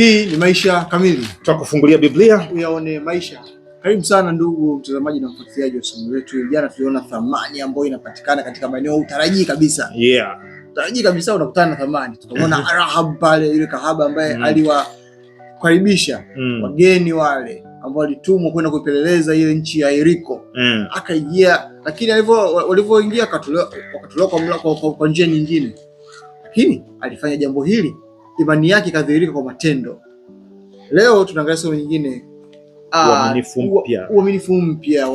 Hii ni Maisha Kamili, tutakufungulia Biblia uyaone maisha. Karibu sana ndugu mtazamaji na mfuatiliaji wa somo letu. Jana tuliona thamani ambayo inapatikana katika maeneo utarajii kabisa, yeah. utarajii kabisa unakutana na thamani. Tukamwona mm-hmm. Rahabu pale, yule kahaba ambaye mm. aliwakaribisha mm. wageni wale ambao walitumwa kwenda kuipeleleza ile nchi ya Yeriko mm. akaingia, lakini walivyoingia wakatolewa kwa njia nyingine, lakini alifanya jambo hili imani yake ikadhihirika kwa matendo. Leo tunaangalia somo nyingine, ah, uaminifu mpya.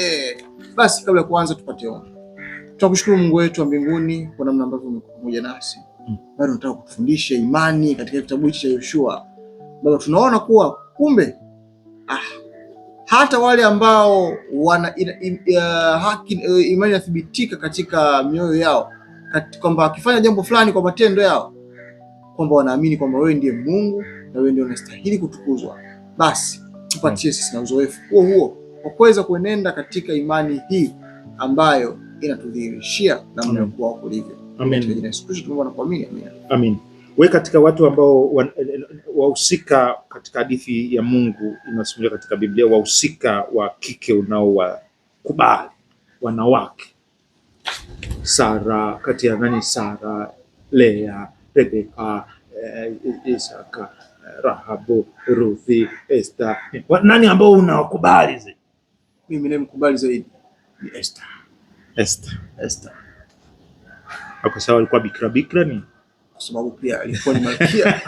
Eh, basi kabla ya kuanza, tupate ombi. Tunakushukuru Mungu wetu wa mbinguni kwa namna ambavyo umekuwa pamoja nasi mm. Bado nataka kutufundisha imani katika kitabu hichi cha Yoshua. Baba, tunaona kuwa kumbe ah, hata wale ambao wana ah, haki, uh, imani inathibitika katika mioyo yao kwamba wakifanya jambo fulani kwa matendo yao, kwamba wanaamini kwamba wewe ndiye Mungu na wewe ndiye unastahili kutukuzwa, basi tupatie sisi na uzoefu huo huo wa kuweza kuenenda katika imani hii ambayo inatudhihirishia namna ya kuwa wako Amen. We katika watu ambao wahusika katika hadithi ya Mungu inasimulia katika Biblia, wahusika wa kike unaowakubali wanawake Sara, kati ya nani? Sara, Lea, Rebeka, eh, Isaka, eh, Rahabu, Ruthi, Esther. Nani ambao unawakubali zaidi? Mimi nimkubali zaidi ni Esther. Esther. Esther. Kwa sababu alikuwa bikira bikira ni kwa sababu pia alikuwa ni malkia.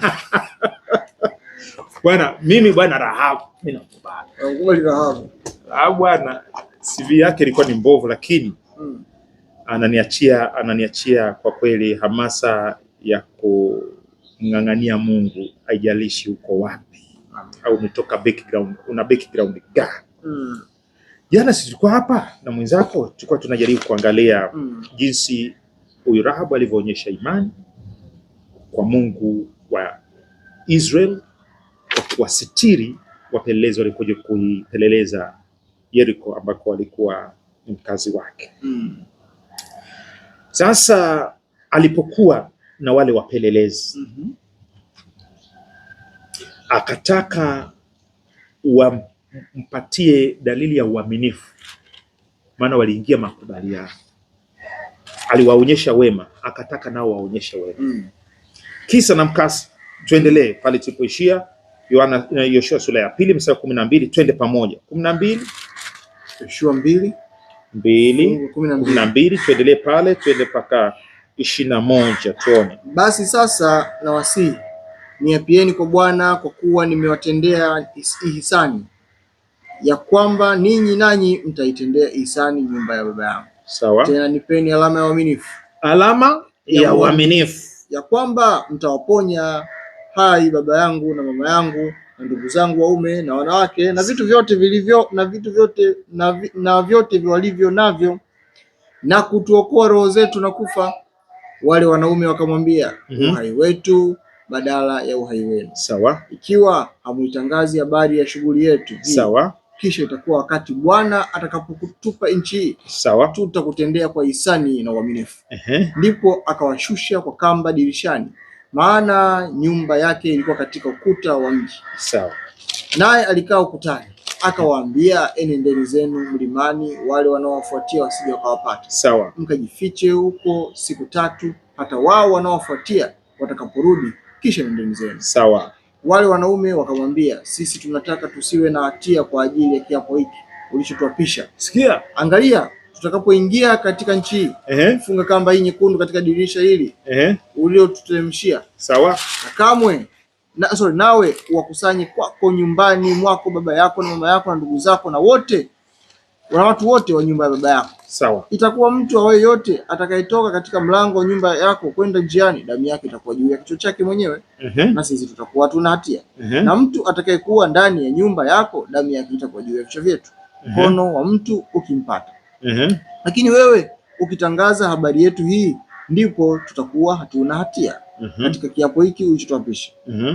Bwana, mimi bwana Rahabu, mimi nakubali. Nakubali Rahabu. Rahabu bwana, CV yake ilikuwa ni mbovu lakini hmm ananiachia ananiachia kwa kweli hamasa ya kungangania Mungu, haijalishi uko wapi au umetoka background, una background gani hmm. Jana sisi tulikuwa hapa na mwenzako tulikuwa tunajaribu kuangalia mm. jinsi huyu Rahabu alivyoonyesha imani kwa Mungu wa Israel kwa kuwasitiri wapelelezi walikuja kuipeleleza Yeriko ambako walikuwa ni mkazi wake mm. Sasa alipokuwa na wale wapelelezi mm -hmm. akataka wampatie dalili ya uaminifu, maana waliingia makubaliano. Aliwaonyesha wema, akataka nao waonyeshe wema mm. Kisa na mkasa, tuendelee pale tulipoishia eh, Yoshua sura ya pili mstari kumi na mbili twende pamoja. kumi na mbili Yoshua mbili mbili kumi na mbili tuendelee pale, tuende mpaka ishirini na moja tuone. Basi sasa nawasihi niapieni kwa Bwana, kwa kuwa nimewatendea ihisani ya kwamba ninyi nanyi mtaitendea ihisani nyumba ya baba yangu. Sawa. Tena nipeni alama ya uaminifu, alama ya uaminifu ya kwamba mtawaponya hai baba yangu na mama yangu na ndugu zangu waume na wanawake na vitu vyote vilivyo na vitu vyote na, vi, na vyote walivyo navyo na kutuokoa roho zetu na kufa. Wale wanaume wakamwambia, mm -hmm. uhai wetu badala ya uhai wenu. Sawa. Ikiwa hamuitangazi habari ya, ya shughuli yetu hii, sawa, kisha itakuwa wakati Bwana atakapokutupa nchi hii, sawa, tutakutendea kwa hisani na uaminifu. Ndipo akawashusha kwa kamba dirishani maana nyumba yake ilikuwa katika ukuta wa mji. Sawa. Naye alikaa ukutani, akawaambia, enendeni zenu mlimani, wale wanaowafuatia wasije wakawapata. Sawa. Mkajifiche huko siku tatu, hata wao wanaowafuatia watakaporudi, kisha nendeni zenu. Sawa. Wale wanaume wakamwambia, sisi tunataka tusiwe na hatia kwa ajili ya kiapo hiki ulichotuapisha. Sikia, angalia tutakapoingia katika nchi hii ehe, funga kamba hii nyekundu katika dirisha hili ehe, uliotuteremshia sawa. Na kamwe na, sorry, nawe uwakusanye kwako nyumbani mwako baba yako na mama yako na ndugu zako na wote na watu wote wa nyumba ya baba yako sawa. Itakuwa mtu awaye yote atakayetoka katika mlango wa nyumba yako kwenda njiani, damu yake itakuwa juu ya kichwa chake mwenyewe uh -huh. na sisi tutakuwa hatuna hatia -huh. Na mtu atakayekuwa ndani ya nyumba yako, damu yake itakuwa juu ya vichwa vyetu. Mkono wa mtu ukimpata -hmm. Lakini wewe ukitangaza habari yetu hii ndipo tutakuwa hatuna hatia uhum, katika kiapo hiki ulichotuapisha.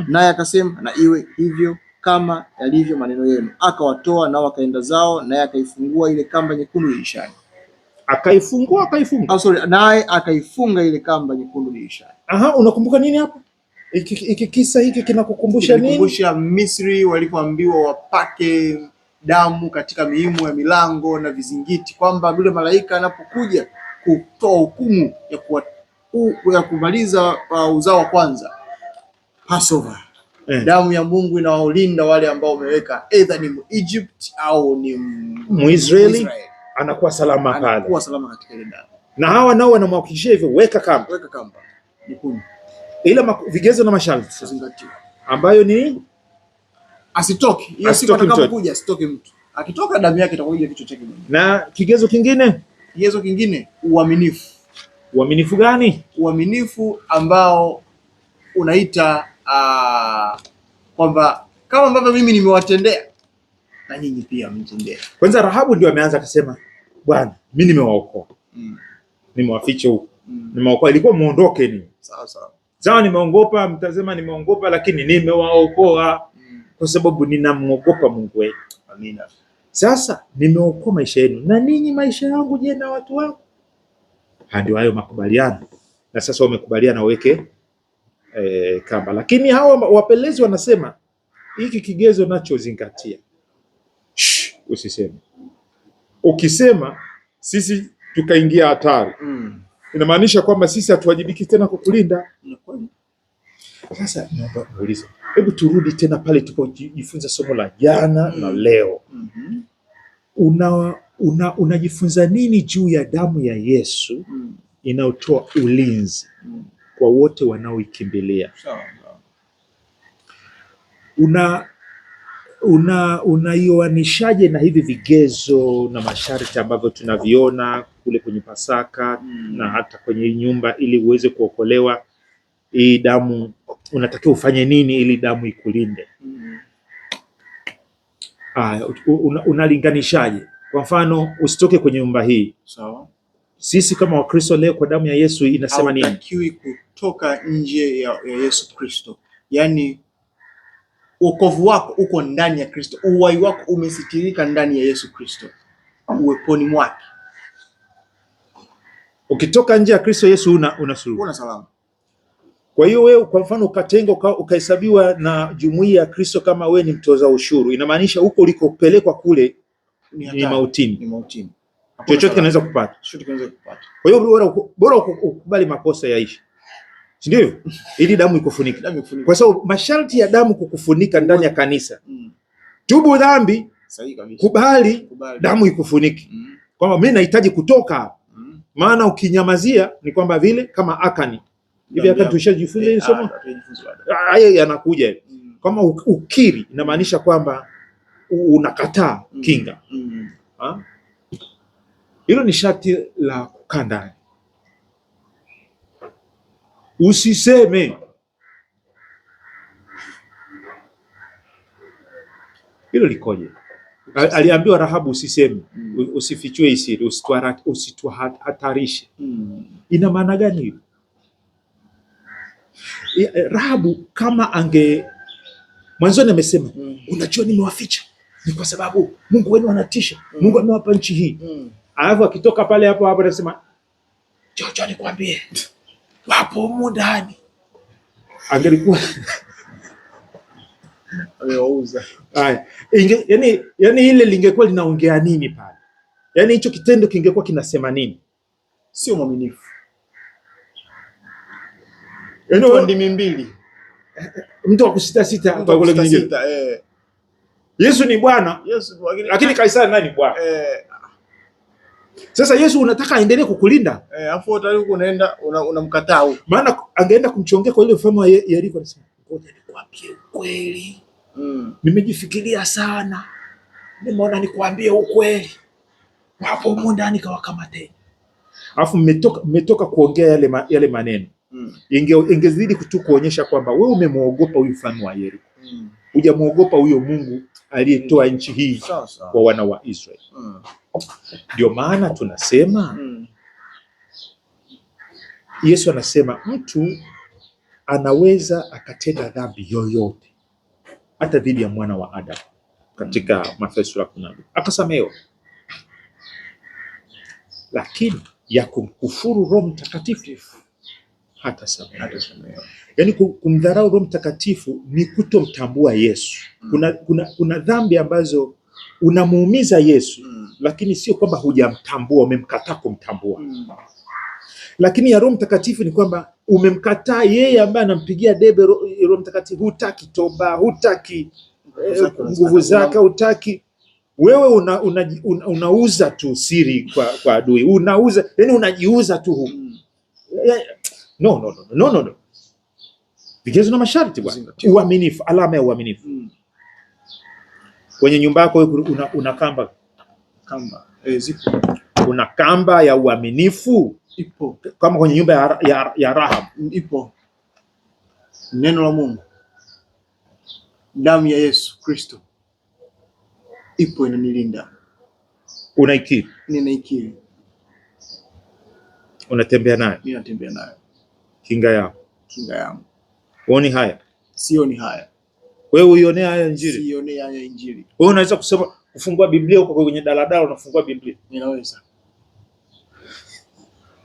Naye akasema na iwe hivyo kama yalivyo maneno yenu. Akawatoa nao akaenda zao, naye akaifungua ile kamba nyekundu dirishani. Akaifungua akaifunga. Oh, ah, sorry, naye akaifunga ile kamba nyekundu dirishani. Aha, unakumbuka nini hapa? Iki, iki kisa hiki kinakukumbusha nini? Kinakukumbusha Misri walipoambiwa wapake damu katika miimo ya milango na vizingiti, kwamba yule malaika anapokuja kutoa hukumu ya, ya kumaliza uh, uzao wa kwanza Passover eh, damu ya Mungu inawalinda wale ambao wameweka either ni Egypt au ni Muisraeli, anakuwa salama pale, anakuwa salama katika ile damu, na hawa nao wanamhakikishia hivyo, weka kamba, weka kamba, ila vigezo na masharti ambayo ni asitoki hiyo siku atakapokuja, asitoki mtu. Akitoka damu yake itakuja kichwa chake mwenyewe. Na kigezo kingine, kigezo kingine uaminifu. Uaminifu gani? Uaminifu ambao unaita uh, kwamba kama ambavyo mimi nimewatendea na nyinyi pia mtendea. Kwanza Rahabu ndio ameanza akasema, Bwana mimi nimewaokoa mm. nimewaficha huko mm. nimewaokoa, ilikuwa muondoke ni sawa sawa sawa, nimeongopa, mtasema nimeongopa, lakini nimewaokoa kwa sababu ninamwogopa Mungu wetu. Amina. Sasa nimeokoa maisha yenu na ninyi maisha yangu, je, na watu wangu? Ndio hayo makubaliano. Na sasa wamekubaliana waweke e, kamba, lakini hawa wapelezi wanasema hiki kigezo nachozingatia usiseme. Ukisema sisi tukaingia hatari, mm. inamaanisha kwamba sisi hatuwajibiki tena kukulinda. Sasa naomba niulize, hebu turudi tena pale tupojifunza somo la jana na mm-hmm. leo. mm -hmm. una unajifunza una nini juu ya damu ya Yesu mm. inayotoa ulinzi mm. kwa wote wanaoikimbilia? una una unaioanishaje na hivi vigezo na masharti ambavyo tunaviona kule kwenye Pasaka mm. na hata kwenye nyumba ili uweze kuokolewa hii damu unatakiwa ufanye nini ili damu ikulinde. Aya, unalinganishaje? Kwa mfano usitoke kwenye nyumba hii sawa. Sisi kama Wakristo leo kwa damu ya Yesu inasema nini? Hautakiwi kutoka nje ya, ya Yesu Kristo. Yaani wokovu wako uko ndani ya Kristo, uwai wako umesitirika ndani ya Yesu Kristo, uweponi mwake. Ukitoka nje ya Kristo Yesu una una suluhu. Una salama. Kwa hiyo wewe kwa mfano ukatengwa ukahesabiwa na jumuiya ya Kristo kama wewe ni mtoza ushuru, inamaanisha huko ulikopelekwa kule ni mautini, ni mautini. Chochote kinaweza kupata, chochote kinaweza kupata. Kwa hiyo bora bora ukubali makosa yaishi, si ndio? ili damu ikufunike, damu ikufunike, kwa sababu masharti ya damu kukufunika ndani ya mm. kanisa mm. Tubu dhambi, sahihi kabisa, kubali, kubali damu ikufunike mm. Kwamba mimi nahitaji kutoka mm. Maana ukinyamazia ni kwamba vile kama Akani hivi hata tushajifunza hili somo. Haya yanakuja kama ukiri, inamaanisha kwamba unakataa mm. kinga. Mm. Hilo ni sharti la kukaa ndani, usiseme. Hilo likoje? Aliambiwa Rahabu, usiseme, mm. usifichue isiri, usituhatarishe. Ina maana gani hiyo Eh, Rahabu kama ange mwanzoni amesema mm. Unajua nimewaficha ni kwa sababu Mungu wenu anatisha mm. Mungu amewapa nchi hii mm. Alafu akitoka pale hapo hapo anasema chocho, nikwambie wapo humu ndani. Angelikuwa ameuza haya, yani yani ile lingekuwa linaongea nini pale? Yani hicho kitendo kingekuwa kinasema nini? Sio mwaminifu Yaani wa ndimi mbili, mtu wa kusita sita mtu wa kule Sita eh. eh, Yesu ni Bwana, Yesu lakini Kaisari nani bwana? Eh, sasa Yesu unataka aendelee kukulinda eh, afu utali huko unaenda unamkataa una huko, maana angeenda kumchongea kwa ile mfano wa Yeriko, anasema ngoja nikwambie ukweli mm. nimejifikiria sana, nimeona nikwambie ukweli, wapo huko ndani kawakamate, afu mmetoka mmetoka kuongea yale, ma, yale maneno ingezidi ingezidi kutu kuonyesha kwamba wewe umemwogopa huyu mfalme wa Yeriko mm. hujamwogopa huyo Mungu aliyetoa nchi hii sa, sa. kwa wana wa Israeli ndio mm. maana tunasema mm. Yesu anasema mtu anaweza akatenda dhambi yoyote hata dhidi ya mwana wa Adamu katika Mathayo sura kumi na mbili akasamehewa, lakini ya kumkufuru Roho Mtakatifu hata samehewa. Yaani kumdharau Roho Mtakatifu ni kutomtambua Yesu. Mm. Kuna, kuna, kuna dhambi ambazo unamuumiza Yesu mm. lakini sio kwamba hujamtambua, umemkataa kumtambua mm. Lakini ya Roho Mtakatifu ni kwamba umemkataa yeye ambaye anampigia debe Roho Mtakatifu, hutaki toba, hutaki eh, nguvu zake, hutaki wewe una, una, una, unauza tu siri kwa, kwa adui unauza, yani unajiuza tu mm. No, no, no, no, no, no. Vigezo na masharti bwana. Uaminifu, alama ya uaminifu. Mm. Kwenye nyumba yako una, una kamba. Kamba. Eh, zipo. Una kamba ya uaminifu. Ipo. Kama kwenye nyumba ya, ya, ya Rahab. Mm, ipo. Neno la Mungu. Damu ya Yesu Kristo ipo inanilinda. Unaikiri? Ninaikiri. Unatembea nayo? Ninatembea nayo kinga yangu, kinga yangu. Uoni haya? Sioni haya. Wewe uionea haya Injili? Siionea haya Injili. Wewe unaweza kusema kufungua Biblia huko kwenye daladala unafungua Biblia? Ninaweza.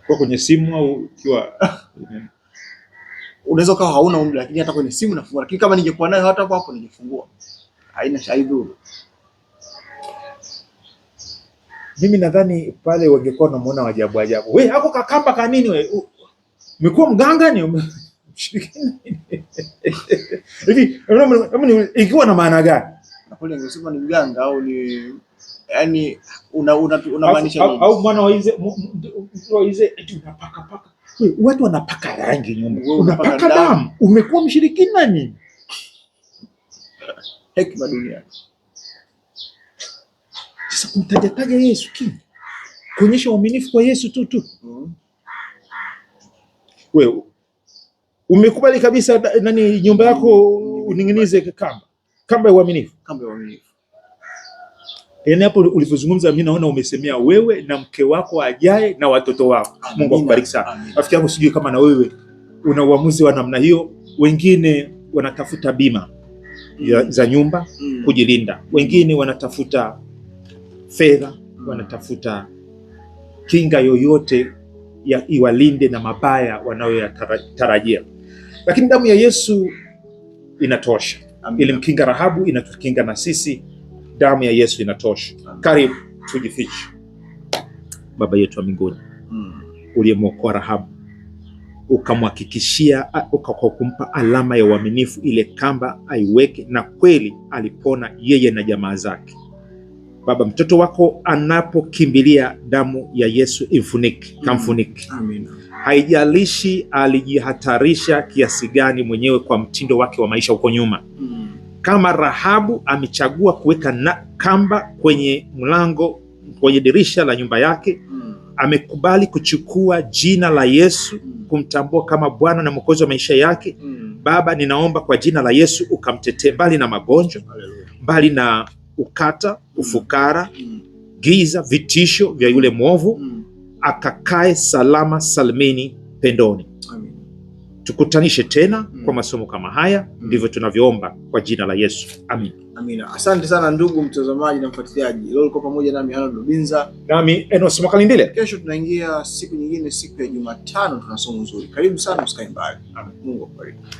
Kwa kwenye simu au ukiwa unaweza kawa hauna umri lakini hata kwenye simu nafungua, lakini kama ningekuwa nayo hata kwa hapo ningefungua. Haina shaidhuru. Mimi nadhani pale wangekuwa wanamuona wajabu ajabu. Wewe hako kakamba kanini wewe? umekuwa mganga ni um- hivi, ikiwa na maana gani? Kule ungesema ni mganga au ni yani una una unamaanisha nini? Au mwana wa hizo wa hizo eti unapaka paka. Wewe watu wanapaka rangi nyumba. Unapaka damu. Umekuwa mshirikina nini? Hekima duniani. Sasa kumtaja taja Yesu kingi. kuonyesha uaminifu kwa Yesu tu tu. Mm wewe umekubali kabisa nani nyumba yako uning'inize kamba kamba ya uaminifu, kamba ya uaminifu. yani hapo ulivyozungumza, mimi naona umesemea wewe na mke wako ajaye na watoto wako. Mungu akubariki sana rafiki yangu, sijui kama na wewe una uamuzi wa namna hiyo. Wengine wanatafuta bima mm. za nyumba mm. kujilinda, wengine wanatafuta fedha, mm. wanatafuta kinga yoyote ya iwalinde na mabaya wanayoyatarajia. Lakini damu ya Yesu inatosha, ilimkinga Rahabu, inatukinga na sisi. Damu ya Yesu inatosha. Karibu tujifiche. Baba yetu wa mbinguni, hmm, uliyemwokoa Rahabu ukamhakikishia kwa kumpa alama ya uaminifu, ile kamba aiweke, na kweli alipona yeye na jamaa zake. Baba, mtoto wako anapokimbilia damu ya Yesu imfunike, mm. kamfunike. Amen. Haijalishi alijihatarisha kiasi gani mwenyewe kwa mtindo wake wa maisha huko nyuma. Mm. Kama Rahabu amechagua kuweka na kamba kwenye mlango, kwenye dirisha la nyumba yake. Mm. Amekubali kuchukua jina la Yesu, kumtambua kama Bwana na Mwokozi wa maisha yake. Baba, ninaomba kwa jina la Yesu ukamtetee mbali na magonjwa, mbali na ukata, ufukara, giza, vitisho vya yule mwovu, akakae salama salmini pendoni. Tukutanishe tena mm. kwa masomo kama haya mm. ndivyo tunavyoomba kwa jina la Yesu Amin. Amina. Asante sana ndugu mtazamaji na mfuatiliaji. Leo uko pamoja nami Harold Rubinza. Nami Enos Makalindile. Kesho tunaingia siku nyingine, siku ya Jumatano tuna somo Karibu sana, usikae mbali. Mungu akubariki.